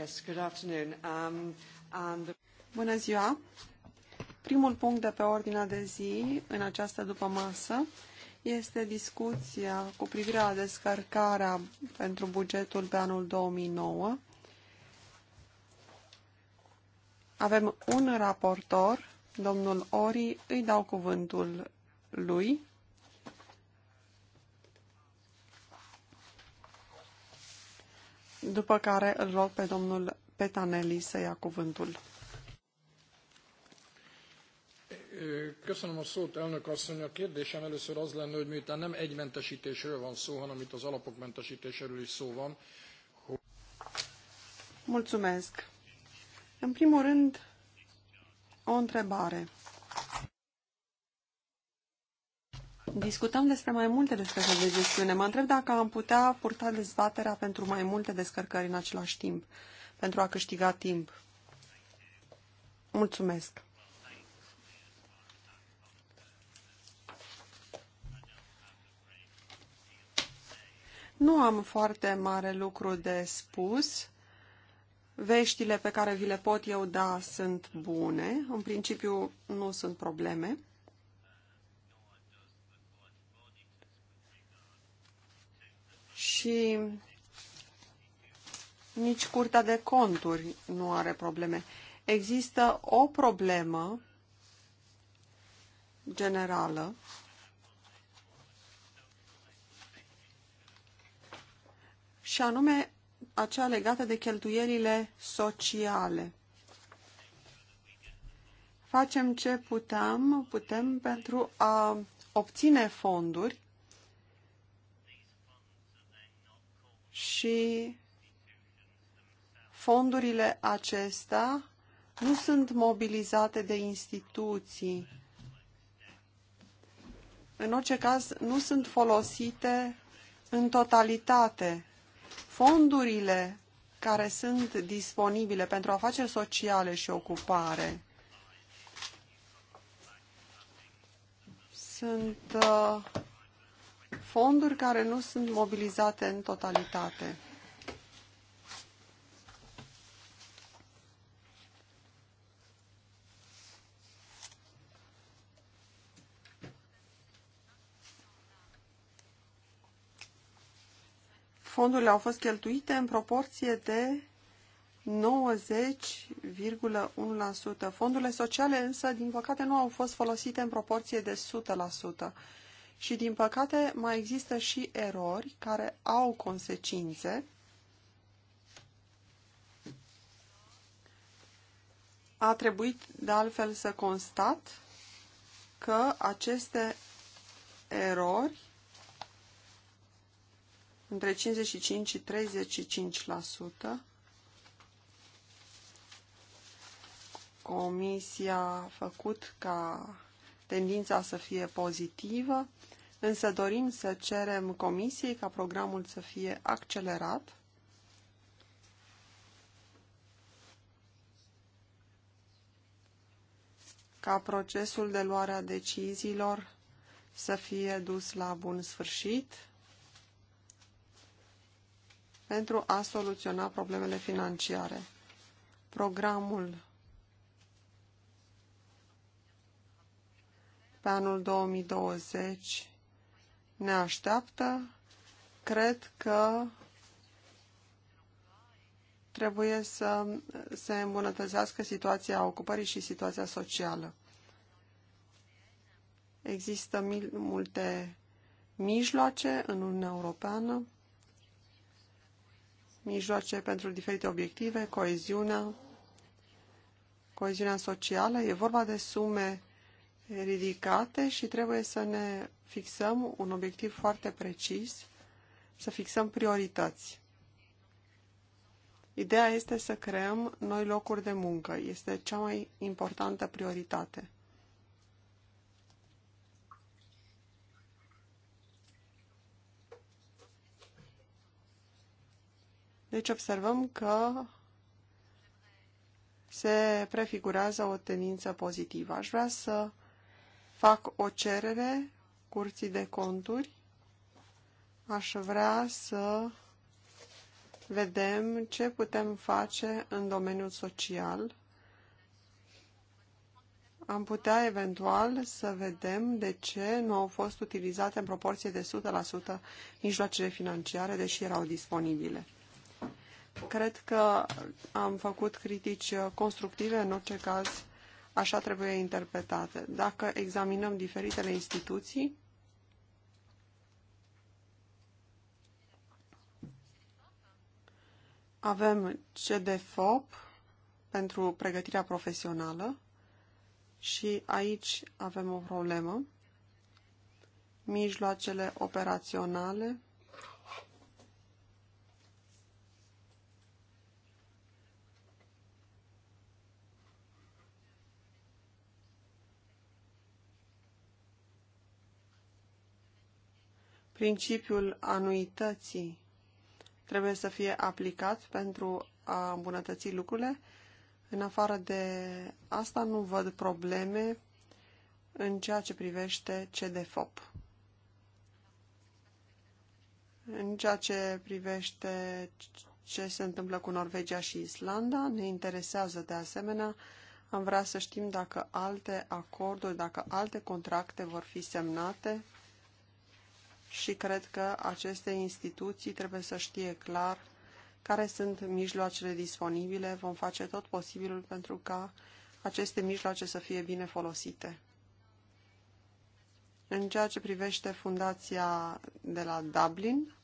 Yes, good afternoon. Um, and the... Bună ziua! Primul punct de pe ordinea de zi în această masă este discuția cu privire la descărcarea pentru bugetul pe anul 2009. Avem un raportor, domnul Ori, îi dau cuvântul lui. după care îl rog pe domnul Petanelli să ia cuvântul. Köszönöm a szót, elnök asszony. A kérdésem először az lenne, hogy miután nem egy mentesítésről van szó, hanem itt az alapok mentesítéséről is szó van. Hogy... Mulțumesc. În primul rând, o întrebare. Discutăm despre mai multe descărcări de gestiune. Mă întreb dacă am putea purta dezbaterea pentru mai multe descărcări în același timp, pentru a câștiga timp. Mulțumesc! Nu am foarte mare lucru de spus. Veștile pe care vi le pot eu da sunt bune. În principiu nu sunt probleme. și nici Curtea de Conturi nu are probleme. Există o problemă generală și anume acea legată de cheltuielile sociale. Facem ce putem, putem pentru a obține fonduri și fondurile acestea nu sunt mobilizate de instituții. În orice caz, nu sunt folosite în totalitate. Fondurile care sunt disponibile pentru afaceri sociale și ocupare sunt uh, fonduri care nu sunt mobilizate în totalitate. fondurile au fost cheltuite în proporție de 90,1%. Fondurile sociale însă, din păcate, nu au fost folosite în proporție de 100% și, din păcate, mai există și erori care au consecințe. A trebuit, de altfel, să constat că aceste erori între 55 și 35%. Comisia a făcut ca tendința să fie pozitivă, însă dorim să cerem comisiei ca programul să fie accelerat. ca procesul de luare a deciziilor să fie dus la bun sfârșit pentru a soluționa problemele financiare. Programul pe anul 2020 ne așteaptă, cred că trebuie să se îmbunătățească situația ocupării și situația socială. Există multe mijloace în Uniunea Europeană, mijloace pentru diferite obiective, coeziunea, coeziunea socială, e vorba de sume ridicate și trebuie să ne fixăm un obiectiv foarte precis, să fixăm priorități. Ideea este să creăm noi locuri de muncă. Este cea mai importantă prioritate. Deci observăm că se prefigurează o tendință pozitivă. Aș vrea să fac o cerere curții de conturi. Aș vrea să vedem ce putem face în domeniul social. Am putea eventual să vedem de ce nu au fost utilizate în proporție de 100% mijloacele financiare, deși erau disponibile. Cred că am făcut critici constructive în orice caz așa trebuie interpretate. Dacă examinăm diferitele instituții, avem CDFOP pentru pregătirea profesională și aici avem o problemă. Mijloacele operaționale Principiul anuității trebuie să fie aplicat pentru a îmbunătăți lucrurile. În afară de asta, nu văd probleme în ceea ce privește CDFOP. În ceea ce privește ce se întâmplă cu Norvegia și Islanda, ne interesează de asemenea. Am vrea să știm dacă alte acorduri, dacă alte contracte vor fi semnate și cred că aceste instituții trebuie să știe clar care sunt mijloacele disponibile. Vom face tot posibilul pentru ca aceste mijloace să fie bine folosite. În ceea ce privește fundația de la Dublin,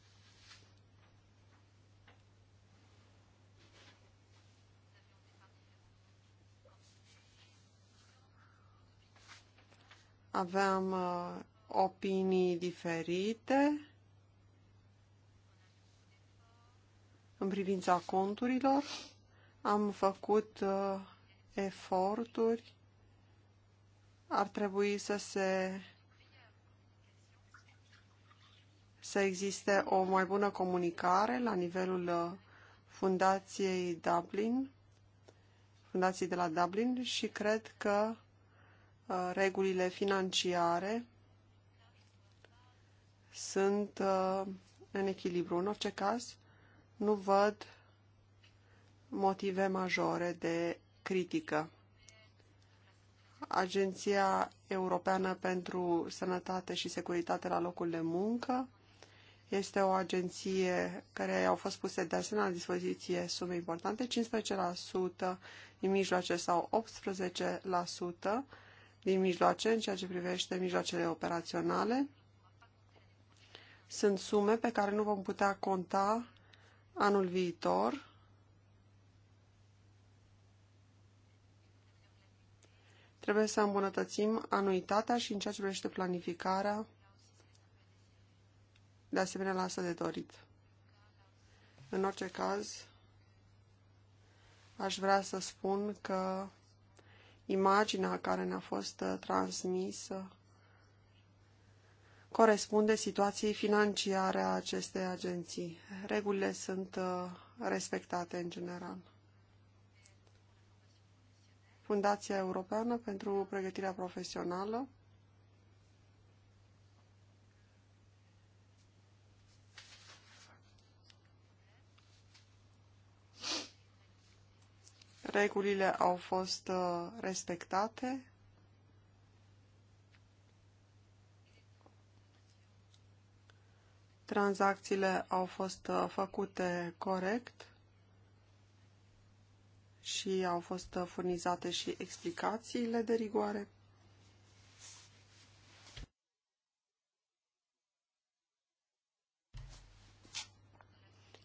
aveam uh, opinii diferite în privința conturilor. Am făcut uh, eforturi. Ar trebui să se să existe o mai bună comunicare la nivelul uh, Fundației Dublin, Fundației de la Dublin și cred că uh, regulile financiare sunt uh, în echilibru. În orice caz, nu văd motive majore de critică. Agenția Europeană pentru Sănătate și Securitate la locul de muncă este o agenție care au fost puse de asemenea la dispoziție sume importante, 15% din mijloace sau 18% din mijloace în ceea ce privește mijloacele operaționale. Sunt sume pe care nu vom putea conta anul viitor. Trebuie să îmbunătățim anuitatea și în ceea ce privește planificarea. De asemenea, lasă de dorit. În orice caz, aș vrea să spun că imaginea care ne-a fost transmisă corespunde situației financiare a acestei agenții. Regulile sunt uh, respectate în general. Fundația Europeană pentru Pregătirea Profesională Regulile au fost uh, respectate tranzacțiile au fost uh, făcute corect și au fost uh, furnizate și explicațiile de rigoare.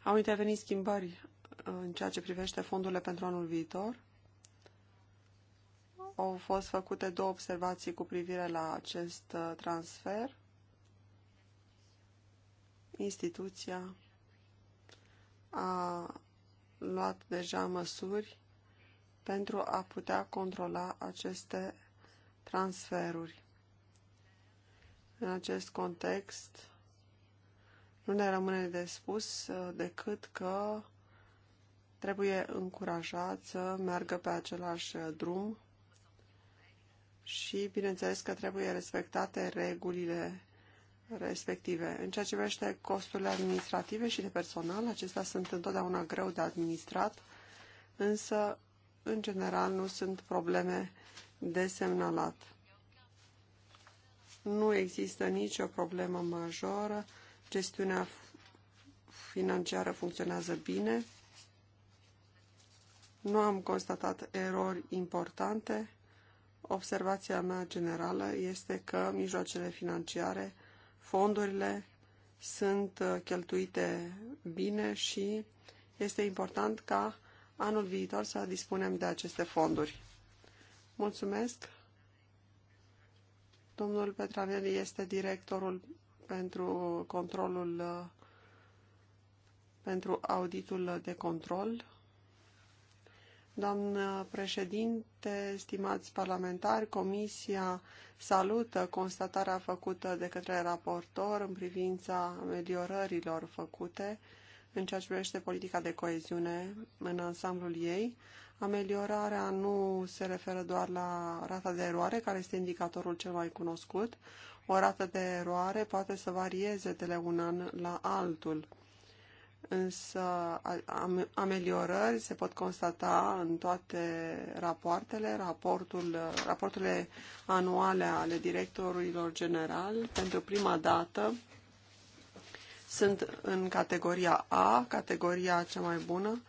Au intervenit schimbări uh, în ceea ce privește fondurile pentru anul viitor. Au fost făcute două observații cu privire la acest transfer instituția a luat deja măsuri pentru a putea controla aceste transferuri. În acest context, nu ne rămâne de spus uh, decât că trebuie încurajat să meargă pe același uh, drum și, bineînțeles, că trebuie respectate regulile respective. În ceea ce privește costurile administrative și de personal, acestea sunt întotdeauna greu de administrat, însă, în general, nu sunt probleme de semnalat. Nu există nicio problemă majoră, gestiunea financiară funcționează bine, nu am constatat erori importante, Observația mea generală este că mijloacele financiare fondurile sunt uh, cheltuite bine și este important ca anul viitor să dispunem de aceste fonduri. Mulțumesc! Domnul Petranelli este directorul pentru controlul uh, pentru auditul de control Doamnă președinte, stimați parlamentari, Comisia salută constatarea făcută de către raportor în privința ameliorărilor făcute în ceea ce privește politica de coeziune în ansamblul ei. Ameliorarea nu se referă doar la rata de eroare, care este indicatorul cel mai cunoscut. O rată de eroare poate să varieze de la un an la altul însă ameliorări se pot constata în toate rapoartele, raportul, raporturile anuale ale directorilor general. Pentru prima dată sunt în categoria A, categoria cea mai bună,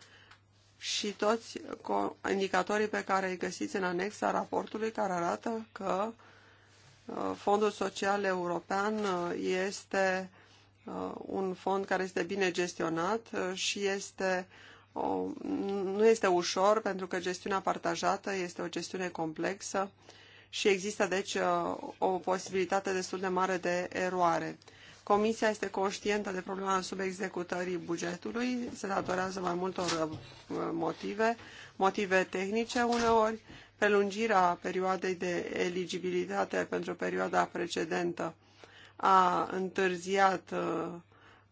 și toți indicatorii pe care îi găsiți în anexa raportului care arată că uh, Fondul Social European uh, este Uh, un fond care este bine gestionat uh, și este o, nu este ușor pentru că gestiunea partajată este o gestiune complexă și există deci uh, o posibilitate destul de mare de eroare. Comisia este conștientă de problema subexecutării bugetului, se datorează mai multor motive, motive tehnice uneori, prelungirea perioadei de eligibilitate pentru perioada precedentă a întârziat uh,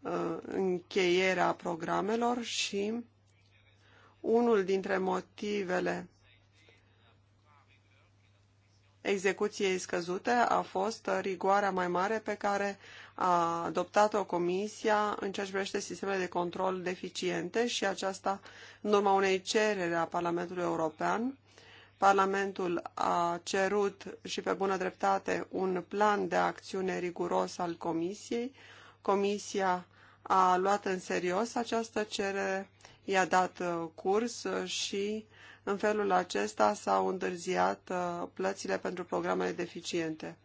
uh, încheierea programelor și unul dintre motivele execuției scăzute a fost rigoarea mai mare pe care a adoptat-o Comisia în ceea ce privește sistemele de control deficiente și aceasta în urma unei cereri a Parlamentului European Parlamentul a cerut și pe bună dreptate un plan de acțiune riguros al Comisiei. Comisia a luat în serios această cerere, i-a dat uh, curs și în felul acesta s-au întârziat uh, plățile pentru programele deficiente.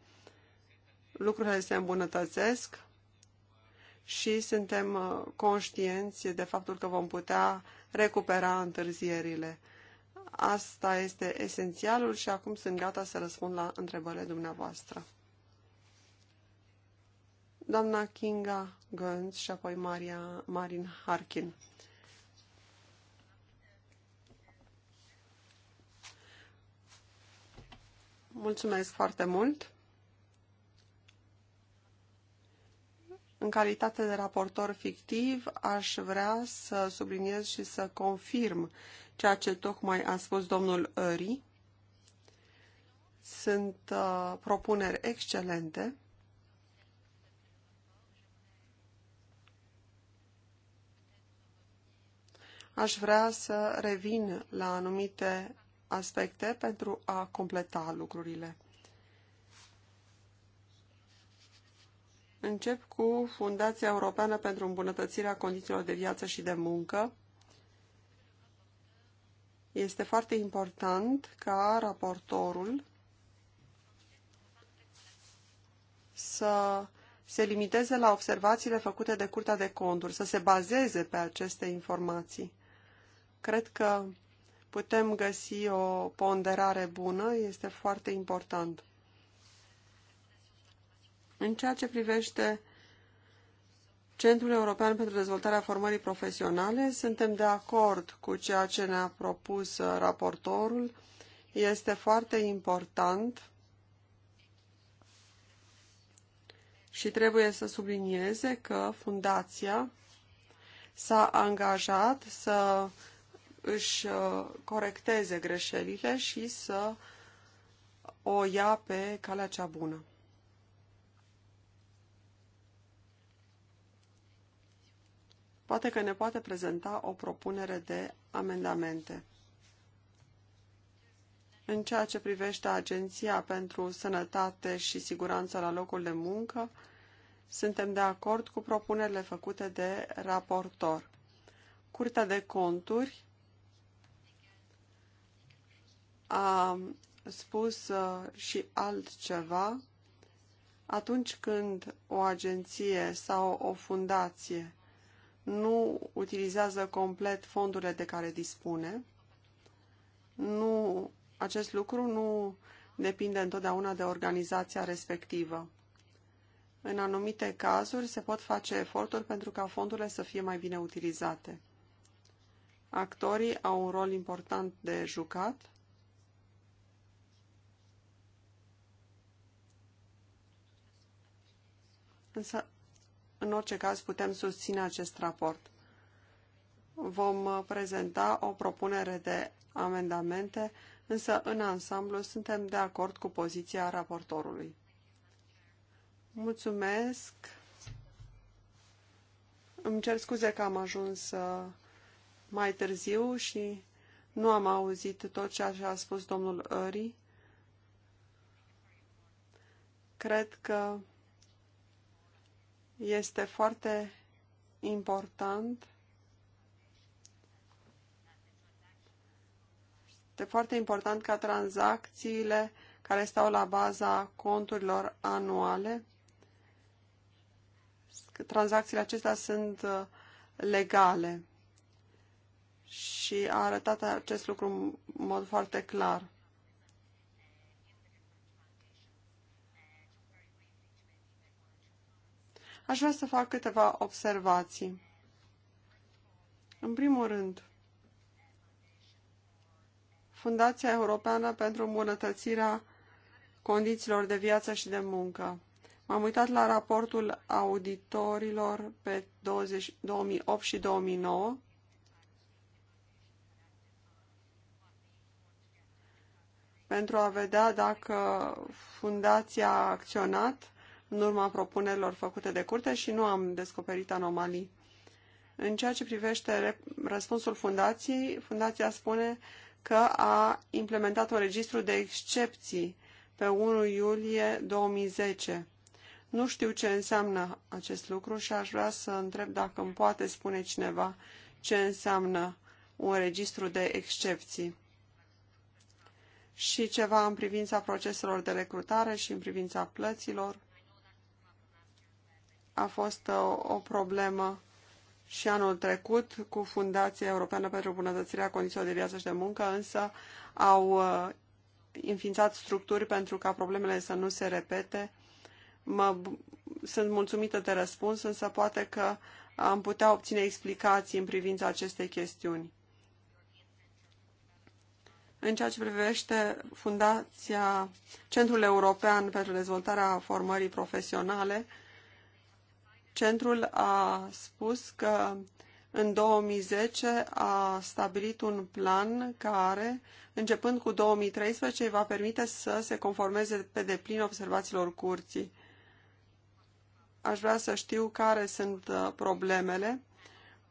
Lucrurile se îmbunătățesc și suntem uh, conștienți de faptul că vom putea recupera întârzierile. Asta este esențialul și acum sunt gata să răspund la întrebările dumneavoastră. Doamna Kinga Gönz și apoi Maria, Marin Harkin. Mulțumesc foarte mult! În calitate de raportor fictiv, aș vrea să subliniez și să confirm ceea ce tocmai a spus domnul Ări. Sunt uh, propuneri excelente. Aș vrea să revin la anumite aspecte pentru a completa lucrurile. Încep cu Fundația Europeană pentru îmbunătățirea condițiilor de viață și de muncă, este foarte important ca raportorul să se limiteze la observațiile făcute de Curtea de Conturi, să se bazeze pe aceste informații. Cred că putem găsi o ponderare bună, este foarte important. În ceea ce privește Centrul European pentru Dezvoltarea Formării Profesionale, suntem de acord cu ceea ce ne-a propus uh, raportorul. Este foarte important și trebuie să sublinieze că fundația s-a angajat să își uh, corecteze greșelile și să o ia pe calea cea bună. Poate că ne poate prezenta o propunere de amendamente. În ceea ce privește Agenția pentru Sănătate și Siguranță la locul de muncă, suntem de acord cu propunerile făcute de raportor. Curtea de conturi a spus uh, și altceva atunci când o agenție sau o fundație nu utilizează complet fondurile de care dispune. Nu, acest lucru nu depinde întotdeauna de organizația respectivă. În anumite cazuri se pot face eforturi pentru ca fondurile să fie mai bine utilizate. Actorii au un rol important de jucat. Însă în orice caz, putem susține acest raport. Vom uh, prezenta o propunere de amendamente, însă în ansamblu suntem de acord cu poziția raportorului. Mulțumesc! Îmi cer scuze că am ajuns uh, mai târziu și nu am auzit tot ceea ce a spus domnul Ări. Cred că este foarte important este foarte important ca tranzacțiile care stau la baza conturilor anuale tranzacțiile acestea sunt uh, legale și a arătat acest lucru în mod foarte clar. Aș vrea să fac câteva observații. În primul rând, Fundația Europeană pentru îmbunătățirea condițiilor de viață și de muncă. M-am uitat la raportul auditorilor pe 20, 2008 și 2009. pentru a vedea dacă fundația a acționat în urma propunerilor făcute de curte și nu am descoperit anomalii. În ceea ce privește răspunsul fundației, fundația spune că a implementat un registru de excepții pe 1 iulie 2010. Nu știu ce înseamnă acest lucru și aș vrea să întreb dacă îmi poate spune cineva ce înseamnă un registru de excepții și ceva în privința proceselor de recrutare și în privința plăților a fost uh, o problemă și anul trecut cu Fundația Europeană pentru Bunătățirea Condițiilor de Viață și de Muncă, însă au uh, înființat structuri pentru ca problemele să nu se repete. Mă, sunt mulțumită de răspuns, însă poate că am putea obține explicații în privința acestei chestiuni. În ceea ce privește Fundația Centrul European pentru Dezvoltarea Formării Profesionale, Centrul a spus că în 2010 a stabilit un plan care, începând cu 2013, îi va permite să se conformeze pe deplin observațiilor curții. Aș vrea să știu care sunt uh, problemele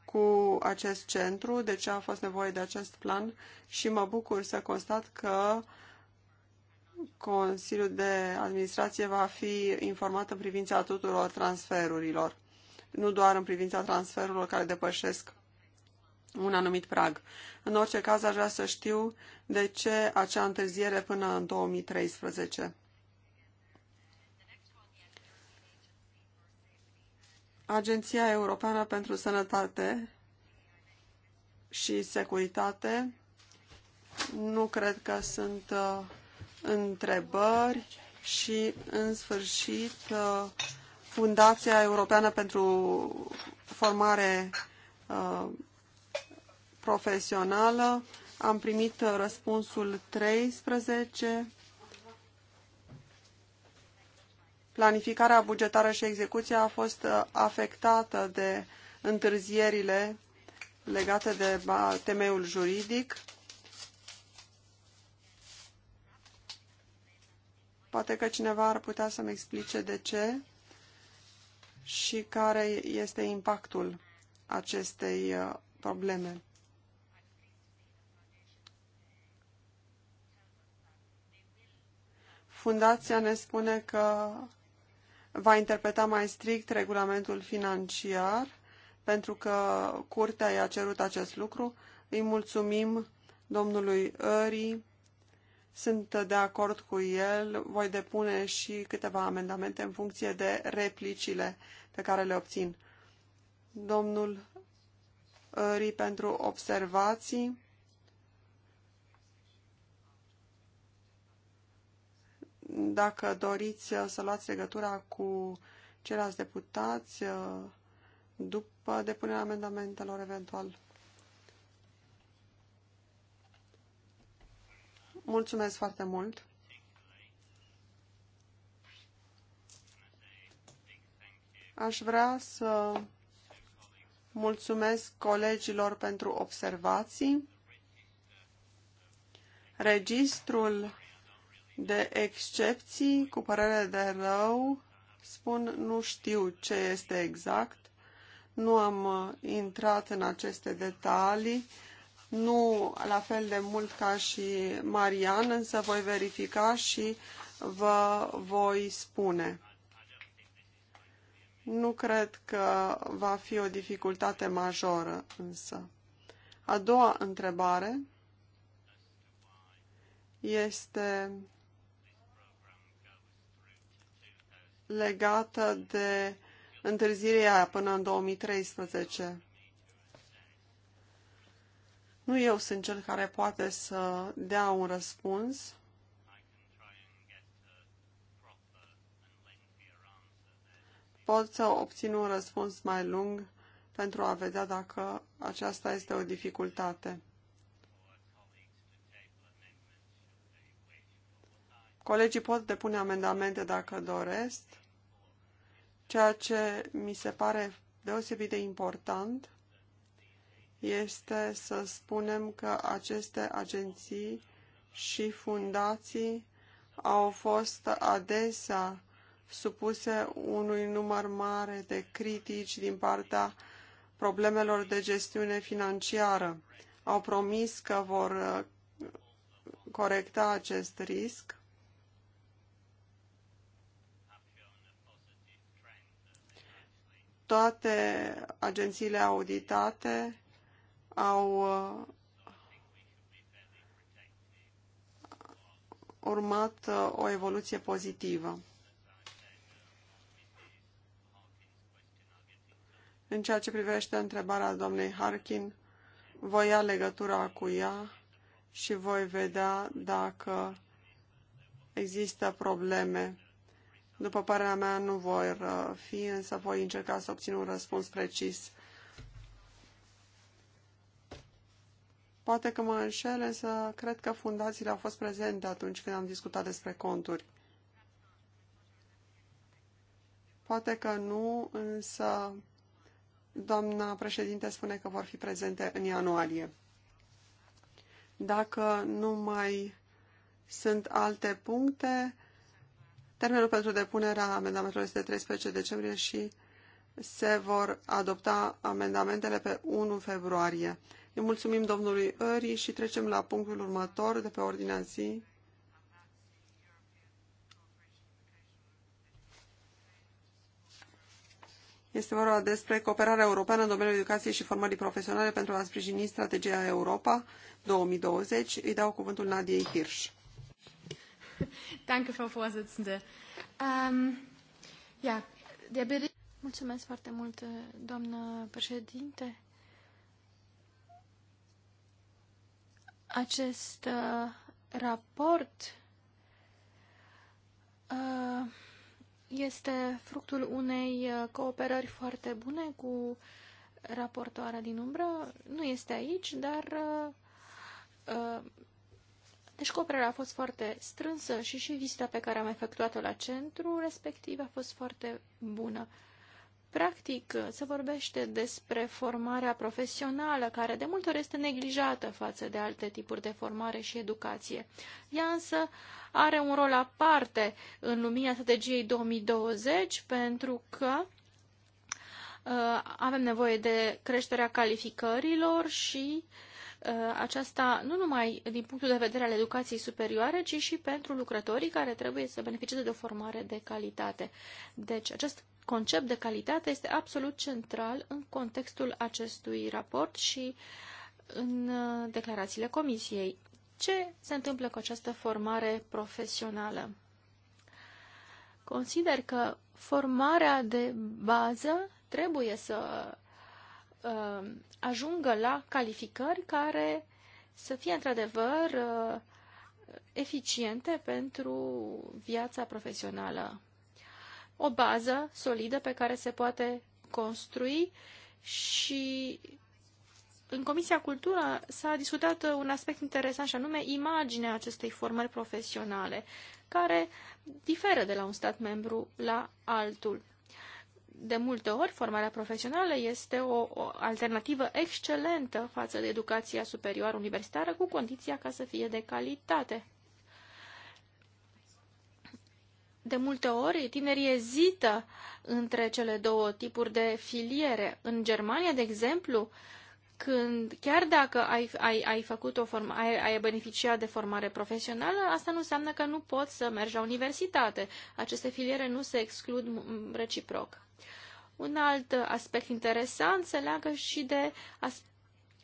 cu acest centru, de ce a fost nevoie de acest plan și mă bucur să constat că uh, Consiliul de Administrație va fi informat în privința tuturor transferurilor, nu doar în privința transferurilor care depășesc un anumit prag. În orice caz, aș vrea să știu de ce acea întârziere până în 2013. Agenția Europeană pentru Sănătate și Securitate nu cred că sunt uh, întrebări și, în sfârșit, uh, Fundația Europeană pentru Formare uh, Profesională. Am primit uh, răspunsul 13. Planificarea bugetară și execuția a fost afectată de întârzierile legate de temeiul juridic. Poate că cineva ar putea să-mi explice de ce și care este impactul acestei uh, probleme. Fundația ne spune că va interpreta mai strict regulamentul financiar, pentru că curtea i-a cerut acest lucru. Îi mulțumim domnului Ării sunt de acord cu el. Voi depune și câteva amendamente în funcție de replicile pe care le obțin. Domnul Ri pentru observații. Dacă doriți să luați legătura cu ceilalți deputați după depunerea amendamentelor eventual. Mulțumesc foarte mult! Aș vrea să mulțumesc colegilor pentru observații. Registrul de excepții, cu părere de rău, spun nu știu ce este exact. Nu am intrat în aceste detalii nu la fel de mult ca și Marian, însă voi verifica și vă voi spune. Nu cred că va fi o dificultate majoră, însă. A doua întrebare este legată de întârzirea până în 2013. Nu eu sunt cel care poate să dea un răspuns. Pot să obțin un răspuns mai lung pentru a vedea dacă aceasta este o dificultate. Colegii pot depune amendamente dacă doresc, ceea ce mi se pare deosebit de important este să spunem că aceste agenții și fundații au fost adesea supuse unui număr mare de critici din partea problemelor de gestiune financiară. Au promis că vor uh, corecta acest risc. Toate agențiile auditate au uh, urmat uh, o evoluție pozitivă. În ceea ce privește întrebarea doamnei Harkin, voi ia legătura cu ea și voi vedea dacă există probleme. După părerea mea, nu voi uh, fi, însă voi încerca să obțin un răspuns precis. Poate că mă înșel, însă cred că fundațiile au fost prezente atunci când am discutat despre conturi. Poate că nu, însă doamna președinte spune că vor fi prezente în ianuarie. Dacă nu mai sunt alte puncte, termenul pentru depunerea amendamentelor este 13 decembrie și se vor adopta amendamentele pe 1 februarie. Îi mulțumim domnului Öri și trecem la punctul următor de pe ordinea zi. Este vorba despre cooperarea europeană în domeniul educației și formării profesionale pentru a sprijini strategia Europa 2020. Îi dau cuvântul Nadiei Hirsch. Danke, Frau Vorsitzende. Um, ja, der Bericht... Mulțumesc foarte mult, doamnă președinte. Acest uh, raport uh, este fructul unei uh, cooperări foarte bune cu raportoarea din umbră. Nu este aici, dar uh, uh, deci cooperarea a fost foarte strânsă și și vizita pe care am efectuat-o la centru respectiv a fost foarte bună. Practic, se vorbește despre formarea profesională, care de multe ori este neglijată față de alte tipuri de formare și educație. Ea însă are un rol aparte în lumina strategiei 2020, pentru că uh, avem nevoie de creșterea calificărilor și uh, Uh, aceasta nu numai din punctul de vedere al educației superioare, ci și pentru lucrătorii care trebuie să beneficieze de o formare de calitate. Deci acest concept de calitate este absolut central în contextul acestui raport și în uh, declarațiile comisiei. Ce se întâmplă cu această formare profesională? Consider că formarea de bază trebuie să uh, ajungă la calificări care să fie într-adevăr uh, eficiente pentru viața profesională. O bază solidă pe care se poate construi și în Comisia Cultură s-a discutat un aspect interesant și anume imaginea acestei formări profesionale, care diferă de la un stat membru la altul de multe ori, formarea profesională este o, o alternativă excelentă față de educația superioară universitară, cu condiția ca să fie de calitate. De multe ori, tinerii ezită între cele două tipuri de filiere. În Germania, de exemplu, uh, când chiar dacă ai, ai, ai făcut o form, ai, ai beneficiat de formare profesională, asta nu înseamnă că nu poți să mergi la universitate. Aceste filiere nu se exclud reciproc. Un alt aspect interesant se leagă și de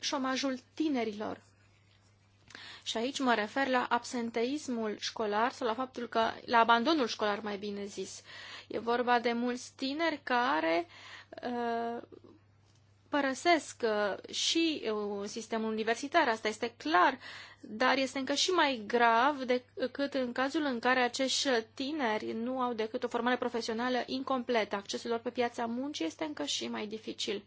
șomajul tinerilor. Și aici mă refer la absenteismul școlar sau la faptul că, la abandonul școlar mai bine zis. E vorba de mulți tineri care uh, părăsesc uh, și uh, sistemul universitar, asta este clar, dar este încă și mai grav decât în cazul în care acești tineri nu au decât o formare profesională incompletă. Accesul lor pe piața muncii este încă și mai dificil.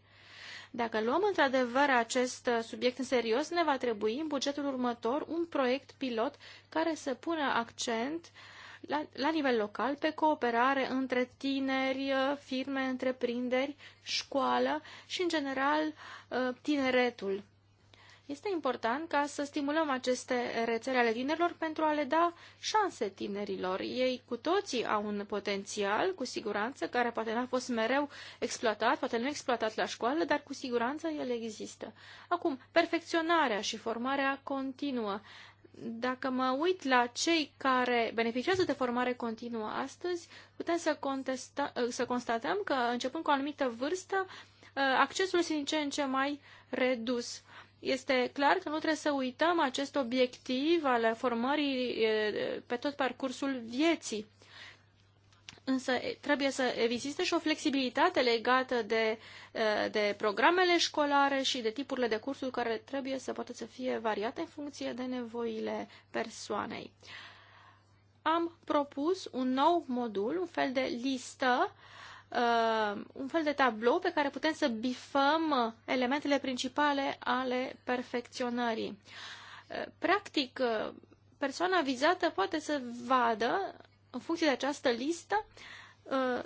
Dacă luăm într-adevăr acest uh, subiect în serios, ne va trebui în bugetul următor un proiect pilot care să pună accent uh, la, la nivel local pe cooperare între tineri, uh, firme, întreprinderi, școală și, în general, uh, tineretul. Este important ca să stimulăm aceste rețele ale tinerilor pentru a le da șanse tinerilor. Ei cu toții au un potențial, cu siguranță, care poate n-a fost mereu exploatat, poate nu exploatat la școală, dar cu siguranță el există. Acum, perfecționarea și formarea continuă dacă mă uit la cei care beneficiază de formare continuă astăzi, putem să, contesta, să constatăm că, începând cu o anumită vârstă, uh, accesul este din ce în ce mai redus. Este clar că nu trebuie să uităm acest obiectiv al formării uh, pe tot parcursul vieții însă trebuie să existe și o flexibilitate legată de, de programele școlare și de tipurile de cursuri care trebuie să poată să fie variate în funcție de nevoile persoanei. Am propus un nou modul, un fel de listă, un fel de tablou pe care putem să bifăm elementele principale ale perfecționării. Practic, persoana vizată poate să vadă în funcție de această listă, uh,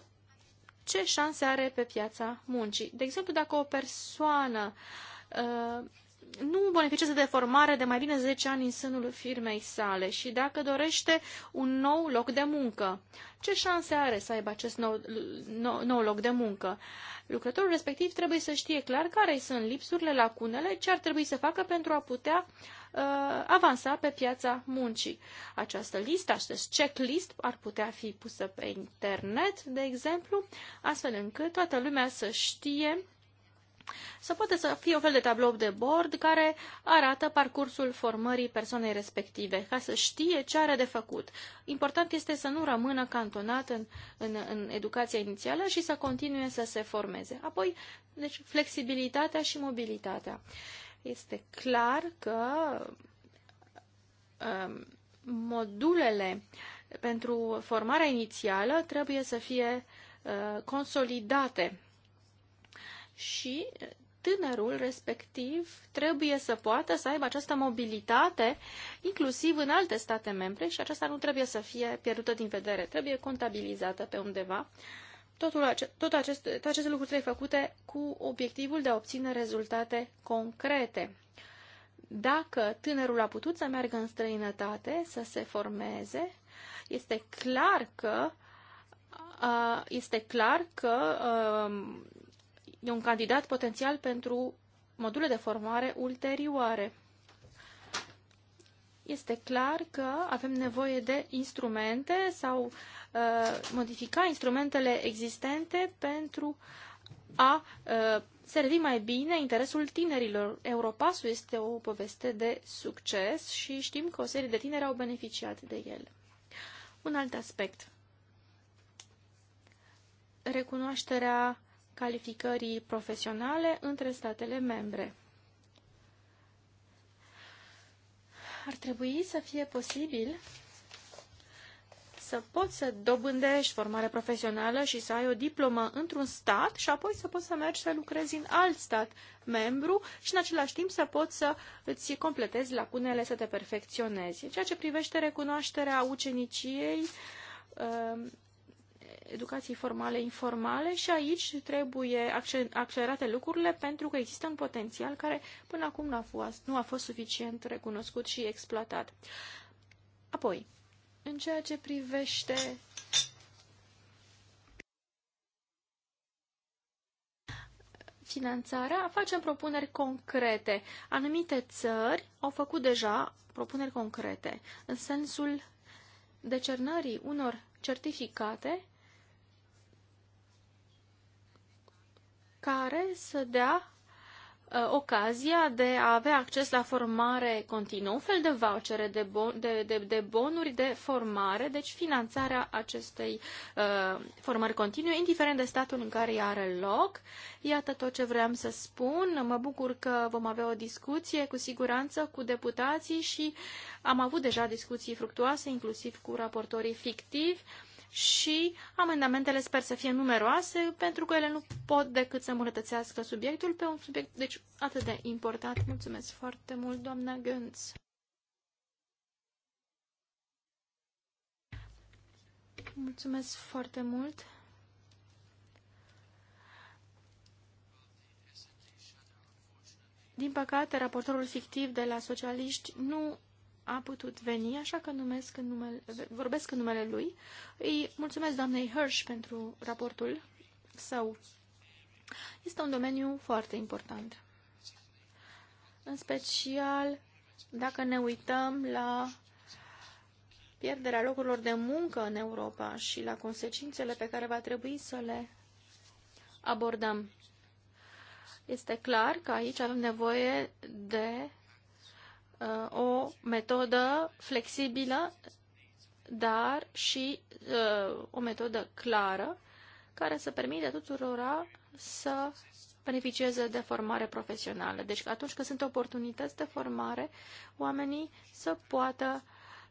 ce șanse are pe piața muncii. De exemplu, dacă o persoană uh, nu beneficiază de formare de mai bine 10 ani în sânul firmei sale și dacă dorește un nou loc de muncă, ce șanse are să aibă acest nou, nou, nou loc de muncă? Lucrătorul respectiv trebuie să știe clar care sunt lipsurile, lacunele, ce ar trebui să facă pentru a putea uh, avansa pe piața muncii. Această listă, acest checklist ar putea fi pusă pe internet, de exemplu, astfel încât toată lumea să știe să poate să fie un fel de tablou de bord care arată parcursul formării persoanei respective, ca să știe ce are de făcut. Important este să nu rămână cantonat în, în, în educația inițială și să continue să se formeze. Apoi, deci, flexibilitatea și mobilitatea. Este clar că um, modulele pentru formarea inițială trebuie să fie uh, consolidate și tânărul respectiv trebuie să poată să aibă această mobilitate inclusiv în alte state membre și aceasta nu trebuie să fie pierdută din vedere, trebuie contabilizată pe undeva. Totul ace- tot acest, toate aceste lucruri trebuie făcute cu obiectivul de a obține rezultate concrete. Dacă tânărul a putut să meargă în străinătate, să se formeze, este clar că este clar că e un candidat potențial pentru module de formare ulterioare. Este clar că avem nevoie de instrumente sau uh, modifica instrumentele existente pentru a uh, servi mai bine interesul tinerilor. Europasul este o poveste de succes și știm că o serie de tineri au beneficiat de el. Un alt aspect. Recunoașterea calificării profesionale între statele membre. Ar trebui să fie posibil să poți să dobândești formare profesională și să ai o diplomă într-un stat și apoi să poți să mergi să lucrezi în alt stat membru și în același timp să poți să îți completezi lacunele, să te perfecționezi. În ceea ce privește recunoașterea uceniciei, educației formale, informale și aici trebuie accelerate lucrurile pentru că există un potențial care până acum nu a fost, nu a fost suficient recunoscut și exploatat. Apoi, în ceea ce privește finanțarea, facem propuneri concrete. Anumite țări au făcut deja propuneri concrete în sensul decernării unor certificate care să dea uh, ocazia de a avea acces la formare continuă, un fel de vouchere de, bon, de, de, de bonuri de formare, deci finanțarea acestei uh, formări continue, indiferent de statul în care ea are loc. Iată tot ce vreau să spun. Mă bucur că vom avea o discuție cu siguranță cu deputații și am avut deja discuții fructuoase, inclusiv cu raportorii fictivi și amendamentele sper să fie numeroase, pentru că ele nu pot decât să îmbunătățească subiectul pe un subiect deci atât de important. Mulțumesc foarte mult, doamna Gânț. Mulțumesc foarte mult. Din păcate, raportorul fictiv de la socialiști nu a putut veni, așa că numesc în numele, vorbesc în numele lui. Îi mulțumesc doamnei Hirsch pentru raportul său. Este un domeniu foarte important. În special dacă ne uităm la pierderea locurilor de muncă în Europa și la consecințele pe care va trebui să le abordăm. Este clar că aici avem nevoie de o metodă flexibilă, dar și uh, o metodă clară care să permite tuturora să beneficieze de formare profesională. Deci atunci când sunt oportunități de formare, oamenii să poată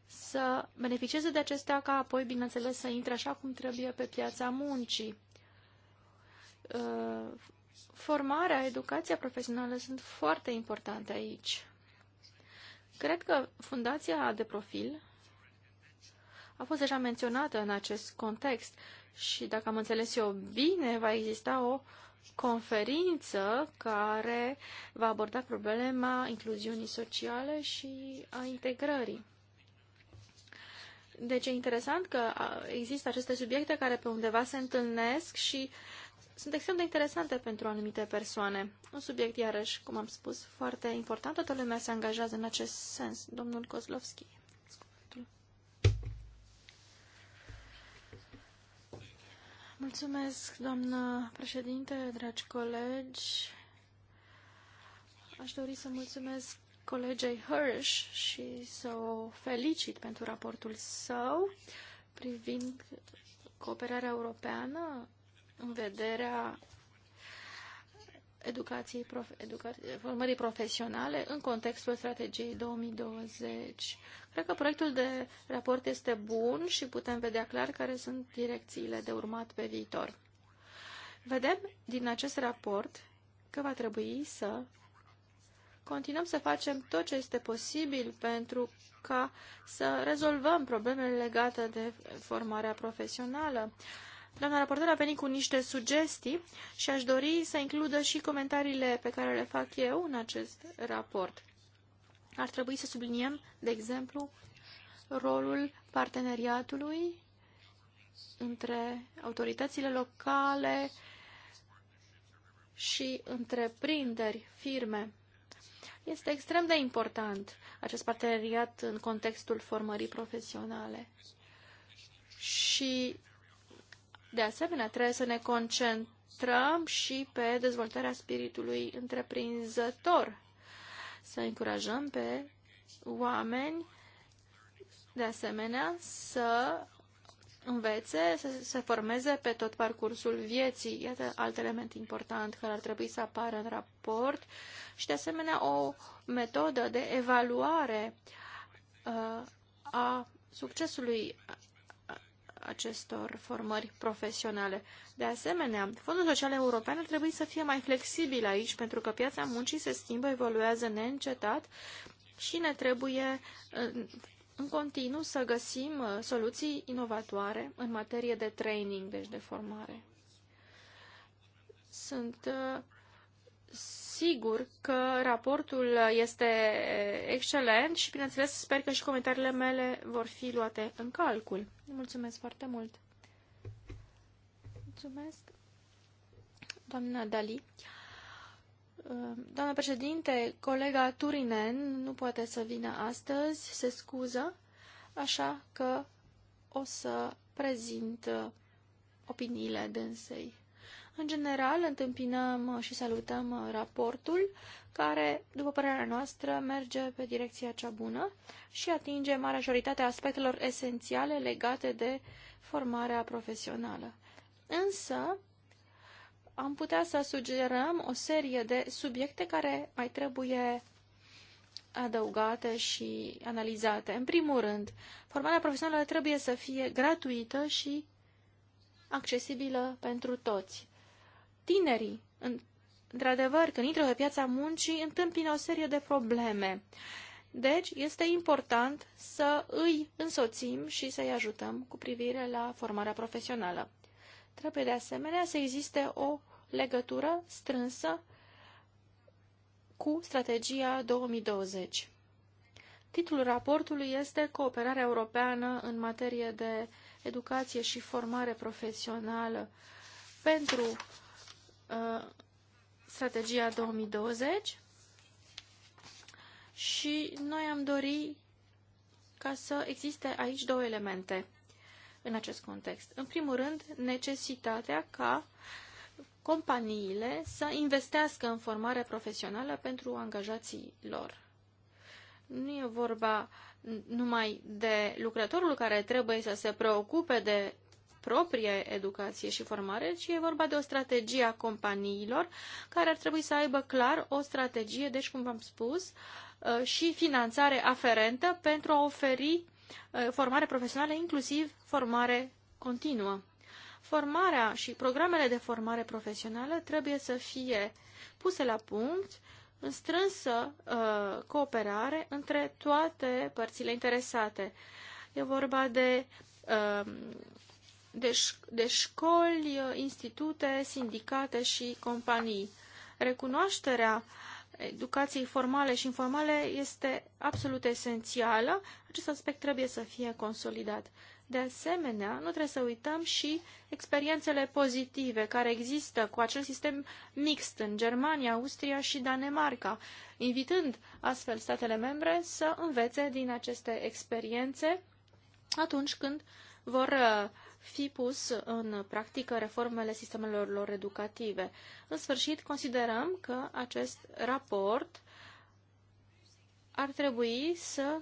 să beneficieze de acestea ca apoi, bineînțeles, să intre așa cum trebuie pe piața muncii. Uh, formarea, educația profesională sunt foarte importante aici. Cred că fundația de profil a fost deja menționată în acest context și, dacă am înțeles eu bine, va exista o conferință care va aborda problema incluziunii sociale și a integrării. Deci e interesant că există aceste subiecte care pe undeva se întâlnesc și uh, sunt extrem de interesante pentru anumite persoane. Un subiect, iarăși, cum am spus, foarte important. Toată lumea se angajează în acest sens. Domnul Kozlovski. Mulțumesc, doamnă președinte, dragi colegi. Aș dori să mulțumesc colegei Hirsch și să o felicit pentru raportul său privind cooperarea europeană în vederea educației, prof, educa, formării profesionale în contextul strategiei 2020. Cred că proiectul de raport este bun și putem vedea clar care sunt direcțiile de urmat pe viitor. Vedem din acest raport că va trebui să continuăm să facem tot ce este posibil pentru ca să rezolvăm problemele legate de formarea profesională. Doamna raportor a venit cu niște sugestii și aș dori să includă și comentariile pe care le fac eu în acest raport. Ar trebui să subliniem, de exemplu, rolul parteneriatului între autoritățile locale și întreprinderi, firme. Este extrem de important acest parteneriat în contextul formării profesionale. Și de asemenea, trebuie să ne concentrăm și pe dezvoltarea spiritului întreprinzător, să încurajăm pe oameni, de asemenea, să învețe, să se formeze pe tot parcursul vieții. Iată alt element important care ar trebui să apară în raport și, de asemenea, o metodă de evaluare uh, a succesului acestor formări profesionale. De asemenea, Fondul Social European ar trebui să fie mai flexibil aici, pentru că piața muncii se schimbă, evoluează neîncetat și ne trebuie în continuu să găsim uh, soluții inovatoare în materie de training, deci de formare. Sunt uh, Sigur că raportul este excelent și, bineînțeles, sper că și comentariile mele vor fi luate în calcul. Mulțumesc foarte mult! Mulțumesc, doamna Dali. Doamna președinte, colega Turinen nu poate să vină astăzi, se scuză, așa că o să prezint uh, opiniile dânsei. În general, întâmpinăm uh, și salutăm uh, raportul care, după părerea noastră, merge pe direcția cea bună și atinge majoritatea aspectelor esențiale legate de formarea profesională. Însă, am putea să sugerăm o serie de subiecte care mai trebuie adăugate și analizate. În primul rând, formarea profesională trebuie să fie gratuită și accesibilă pentru toți tinerii, într-adevăr, când intră pe piața muncii, întâmpină o serie de probleme. Deci, este important să îi însoțim și să-i ajutăm cu privire la formarea profesională. Trebuie de asemenea să existe o legătură strânsă cu strategia 2020. Titlul raportului este Cooperarea europeană în materie de educație și formare profesională pentru Uh, strategia 2020 și noi am dori ca să existe aici două elemente în acest context. În primul rând, necesitatea ca companiile să investească în formare profesională pentru angajații lor. Nu e vorba numai de lucrătorul care trebuie să se preocupe de proprie educație și formare, ci e vorba de o strategie a companiilor care ar trebui să aibă clar o strategie, deci cum v-am spus, uh, și finanțare aferentă pentru a oferi uh, formare profesională, inclusiv formare continuă. Formarea și programele de formare profesională trebuie să fie puse la punct în strânsă uh, cooperare între toate părțile interesate. E vorba de uh, de, ș- de școli, institute, sindicate și companii. Recunoașterea educației formale și informale este absolut esențială. Acest aspect trebuie să fie consolidat. De asemenea, nu trebuie să uităm și experiențele pozitive care există cu acel sistem mixt în Germania, Austria și Danemarca, invitând astfel statele membre să învețe din aceste experiențe atunci când vor uh, fi pus în practică reformele sistemelor lor educative. În sfârșit, considerăm că acest raport ar trebui să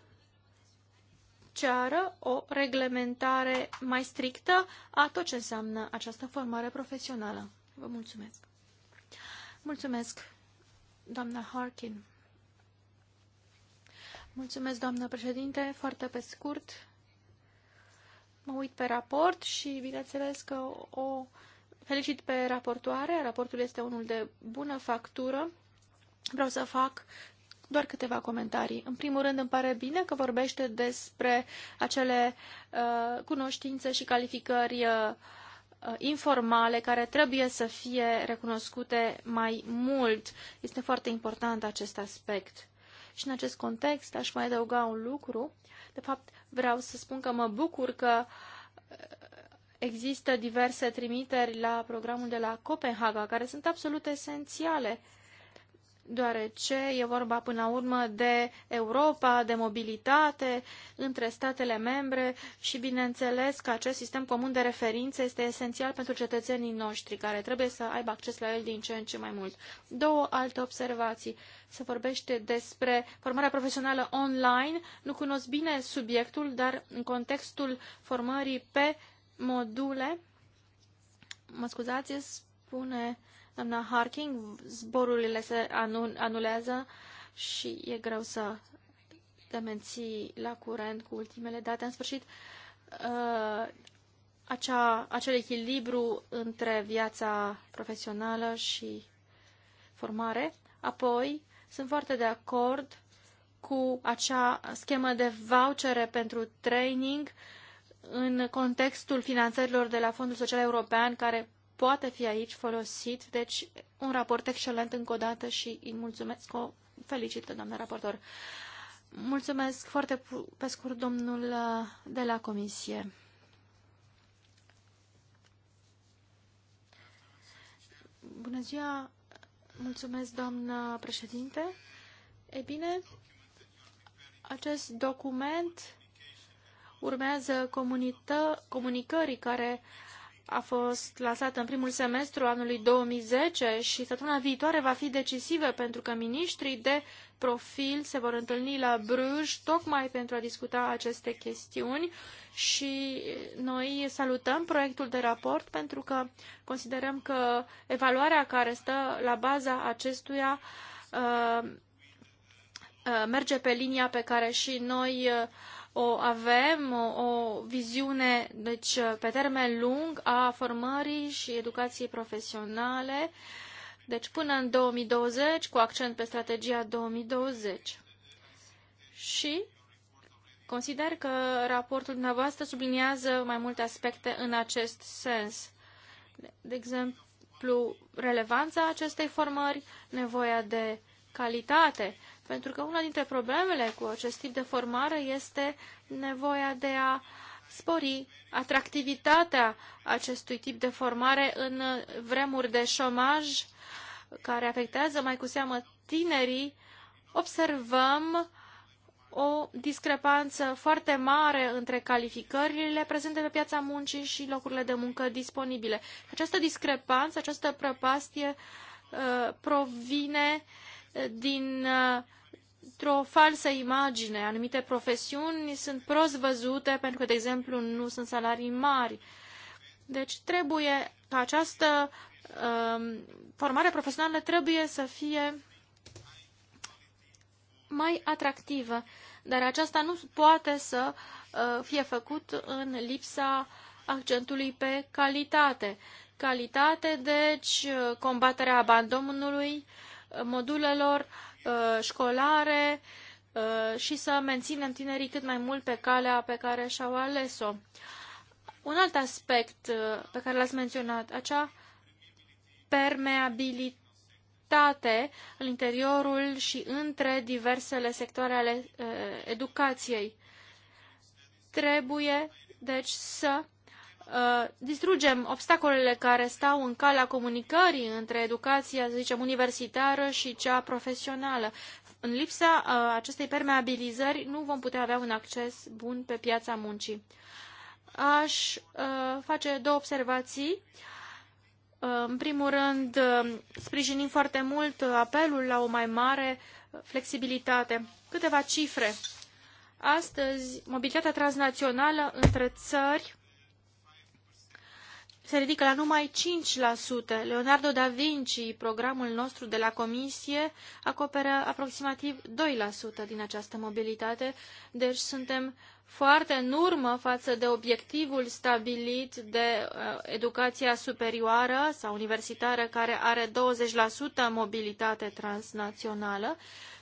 ceară o reglementare mai strictă a tot ce înseamnă această formare profesională. Vă mulțumesc. Mulțumesc, doamna Harkin. Mulțumesc, doamnă președinte. Foarte pe scurt, Mă uit pe raport și, bineînțeles, că o felicit pe raportoare. Raportul este unul de bună factură. Vreau să fac doar câteva comentarii. În primul rând, îmi pare bine că vorbește despre acele uh, cunoștințe și calificări uh, uh informale care trebuie să fie recunoscute mai mult. Este foarte important acest aspect. Și în acest context aș mai adăuga un lucru. De fapt, vreau să spun că mă bucur că uh, există diverse trimiteri la programul de la Copenhaga, care sunt absolut esențiale deoarece e vorba până la urmă de Europa, de mobilitate între statele membre și bineînțeles că acest sistem comun de referințe este esențial pentru cetățenii noștri care trebuie să aibă acces la el din ce în ce mai mult. Două alte observații. Se vorbește despre formarea profesională online. Nu cunosc bine subiectul, dar în contextul formării pe module, mă scuzați, spune doamna Harking, zborurile se anulează și e greu să te menții la curent cu ultimele date. În sfârșit, ă, acea, acel echilibru între viața profesională și formare. Apoi, sunt foarte de acord cu acea schemă de vouchere pentru training în contextul finanțărilor de la Fondul Social European, care poate fi aici folosit. Deci, un raport excelent încă o dată și îi mulțumesc, o felicită, doamnă raportor. Mulțumesc foarte pe scurt, domnul uh, de la comisie. Bună ziua, mulțumesc, doamnă președinte. E bine, acest document urmează comunică, comunicării care a fost lansată în primul semestru anului 2010 și săptămâna viitoare va fi decisivă pentru că miniștrii de profil se vor întâlni la Bruj tocmai pentru a discuta aceste chestiuni și noi salutăm proiectul de raport pentru că considerăm că evaluarea care stă la baza acestuia uh, uh, merge pe linia pe care și noi uh, o avem, o, o viziune deci, pe termen lung a formării și educației profesionale, deci până în 2020, cu accent pe strategia 2020. Și consider că raportul dumneavoastră subliniază mai multe aspecte în acest sens. De exemplu, relevanța acestei formări, nevoia de calitate pentru că una dintre problemele cu acest tip de formare este nevoia de a spori atractivitatea acestui tip de formare în vremuri de șomaj care afectează mai cu seamă tinerii, observăm o discrepanță foarte mare între calificările prezente pe piața muncii și locurile de muncă disponibile. Această discrepanță, această prăpastie uh, provine uh, din uh, într-o falsă imagine. Anumite profesiuni sunt prost văzute pentru că, de exemplu, nu sunt salarii mari. Deci trebuie ca această uh, formare profesională trebuie să fie mai atractivă, dar aceasta nu poate să uh, fie făcut în lipsa accentului pe calitate. Calitate, deci, uh, combaterea abandonului uh, modulelor, Uh, școlare uh, și să menținem tinerii cât mai mult pe calea pe care și-au ales-o. Un alt aspect uh, pe care l-ați menționat, acea permeabilitate în interiorul și între diversele sectoare ale educației. Trebuie, deci, să Uh, distrugem obstacolele care stau în calea comunicării între educația, să zicem, universitară și cea profesională. În lipsa uh, acestei permeabilizări nu vom putea avea un acces bun pe piața muncii. Aș uh, face două observații. În primul rând, sprijinim foarte mult apelul la o mai mare flexibilitate. Câteva cifre. Astăzi, mobilitatea transnațională între țări se ridică la numai 5%. Leonardo da Vinci, programul nostru de la Comisie, acoperă aproximativ 2% din această mobilitate, deci suntem foarte în urmă față de obiectivul stabilit de uh, educația superioară sau universitară, care are 20% mobilitate transnațională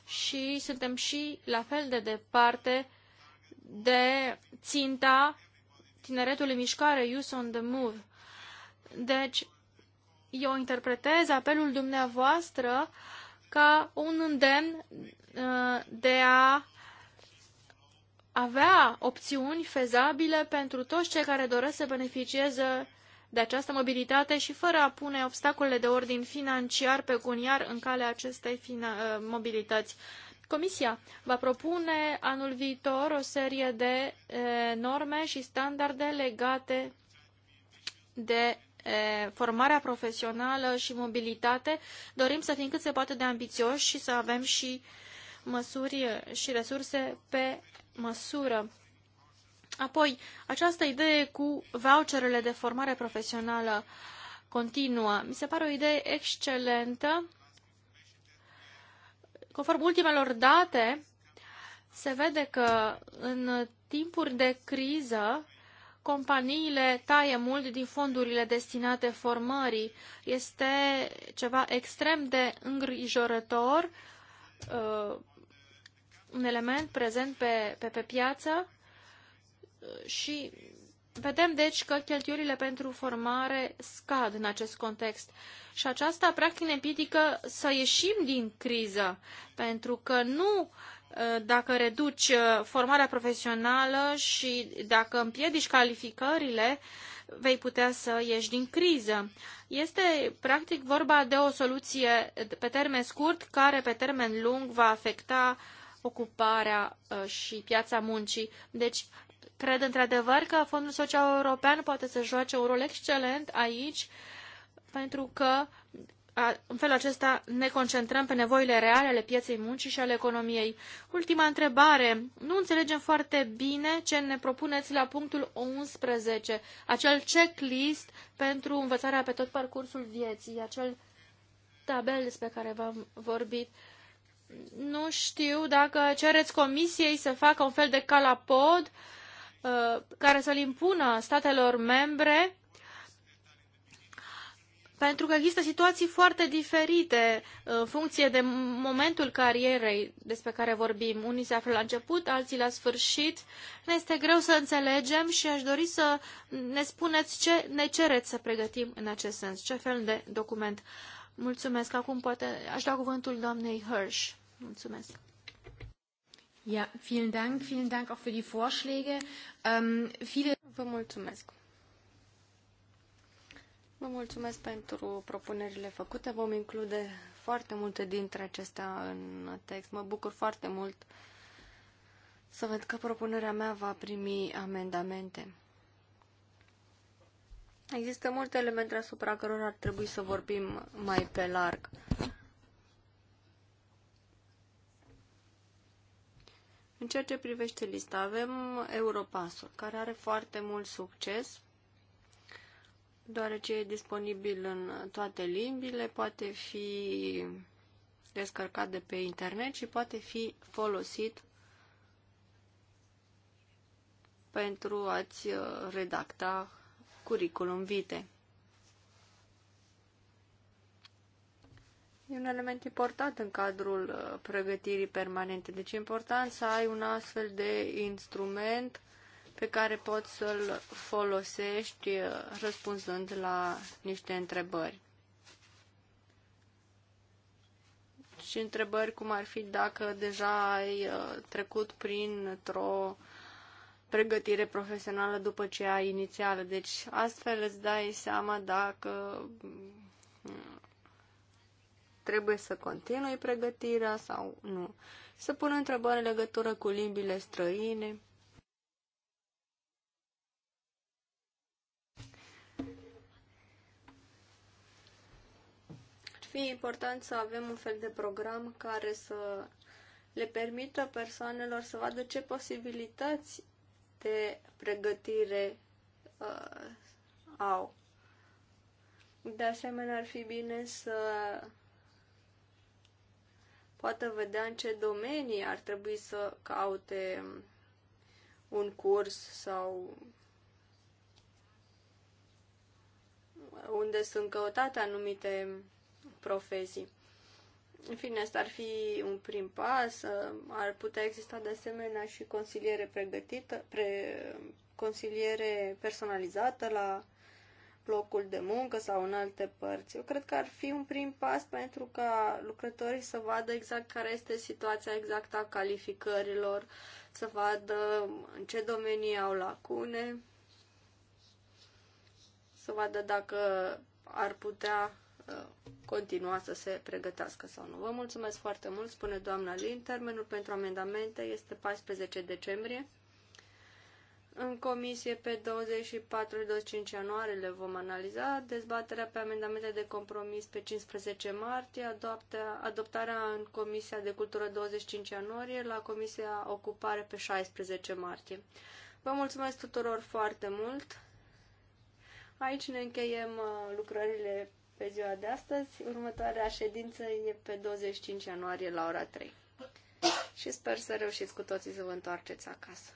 și suntem și la fel de departe de ținta tineretului mișcare Youth on the Move, deci, eu interpretez apelul dumneavoastră ca un îndemn uh, de a avea opțiuni fezabile pentru toți cei care doresc să beneficieze de această mobilitate și fără a pune obstacole de ordin financiar pecuniar în calea acestei uh, mobilități. Comisia va propune anul viitor o serie de e, uh, norme și standarde legate de formarea profesională și mobilitate, dorim să fim cât se poate de ambițioși și să avem și măsuri și resurse pe măsură. Apoi, această idee cu voucherele de formare profesională continuă mi se pare o idee excelentă. Conform ultimelor date, se vede că în timpuri de criză companiile taie mult din fondurile destinate formării. Este ceva extrem de îngrijorător, uh, un element prezent pe, pe, pe piață uh, și Vedem, deci, că cheltuielile pentru formare scad în acest context și aceasta, practic, ne împiedică să ieșim din criză, pentru că nu uh, dacă reduci uh, formarea profesională și dacă împiedici calificările, vei putea să ieși din criză. Este practic vorba de o soluție pe termen scurt care pe termen lung va afecta ocuparea uh, și piața muncii. Deci, cred într-adevăr că Fondul Social European poate să joace un rol excelent aici, pentru că în felul acesta ne concentrăm pe nevoile reale ale pieței muncii și ale economiei. Ultima întrebare. Nu înțelegem foarte bine ce ne propuneți la punctul 11, acel checklist pentru învățarea pe tot parcursul vieții, acel tabel despre care v-am vorbit. Nu știu dacă cereți comisiei să facă un fel de calapod uh, care să-l impună statelor membre pentru că există situații foarte diferite uh, în funcție de momentul carierei despre care vorbim. Unii se află la început, alții la sfârșit. Ne este greu să înțelegem și aș dori să ne spuneți ce ne cereți să pregătim în acest sens, ce fel de document. Mulțumesc. Acum poate aș da cuvântul doamnei Hirsch. Mulțumesc. Ja, vielen Dank, vielen Dank auch für die Vorschläge. Ähm, viele Vă mulțumesc. Vă mulțumesc pentru propunerile făcute. Vom include foarte multe dintre acestea în text. Mă bucur foarte mult să văd că propunerea mea va primi amendamente. Există multe elemente asupra cărora ar trebui să vorbim mai pe larg. În ceea ce privește lista, avem Europasul, care are foarte mult succes deoarece e disponibil în toate limbile, poate fi descărcat de pe internet și poate fi folosit pentru a-ți uh, redacta curriculum vitae. E un element important în cadrul uh, pregătirii permanente. Deci e important să ai un astfel de instrument pe care poți să-l folosești uh, răspunzând la niște întrebări. Și întrebări cum ar fi dacă deja ai uh, trecut printr-o pregătire profesională după ce ai inițială. Deci astfel îți dai seama dacă mm, trebuie să continui pregătirea sau nu. Să pun întrebări în legătură cu limbile străine, fi important să avem un fel de program care să le permită persoanelor să vadă ce posibilități de pregătire uh, au. De asemenea, ar fi bine să poată vedea în ce domenii ar trebui să caute un curs sau unde sunt căutate anumite profesii. În fine, asta ar fi un prim pas, ar putea exista de asemenea și consiliere pregătită, pre, consiliere personalizată la locul de muncă sau în alte părți. Eu cred că ar fi un prim pas pentru ca lucrătorii să vadă exact care este situația exactă a calificărilor, să vadă în ce domenii au lacune, să vadă dacă ar putea Uh, continua să se pregătească sau nu. Vă mulțumesc foarte mult, spune doamna Lin. Termenul pentru amendamente este 14 decembrie. În comisie pe 24-25 ianuarie le vom analiza, dezbaterea pe amendamente de compromis pe 15 martie, adoptarea în Comisia de Cultură 25 ianuarie, la Comisia Ocupare pe 16 martie. Vă mulțumesc tuturor foarte mult! Aici ne încheiem uh, lucrările pe ziua de astăzi. Următoarea ședință e pe 25 ianuarie la ora 3. Și sper să reușiți cu toții să vă întoarceți acasă.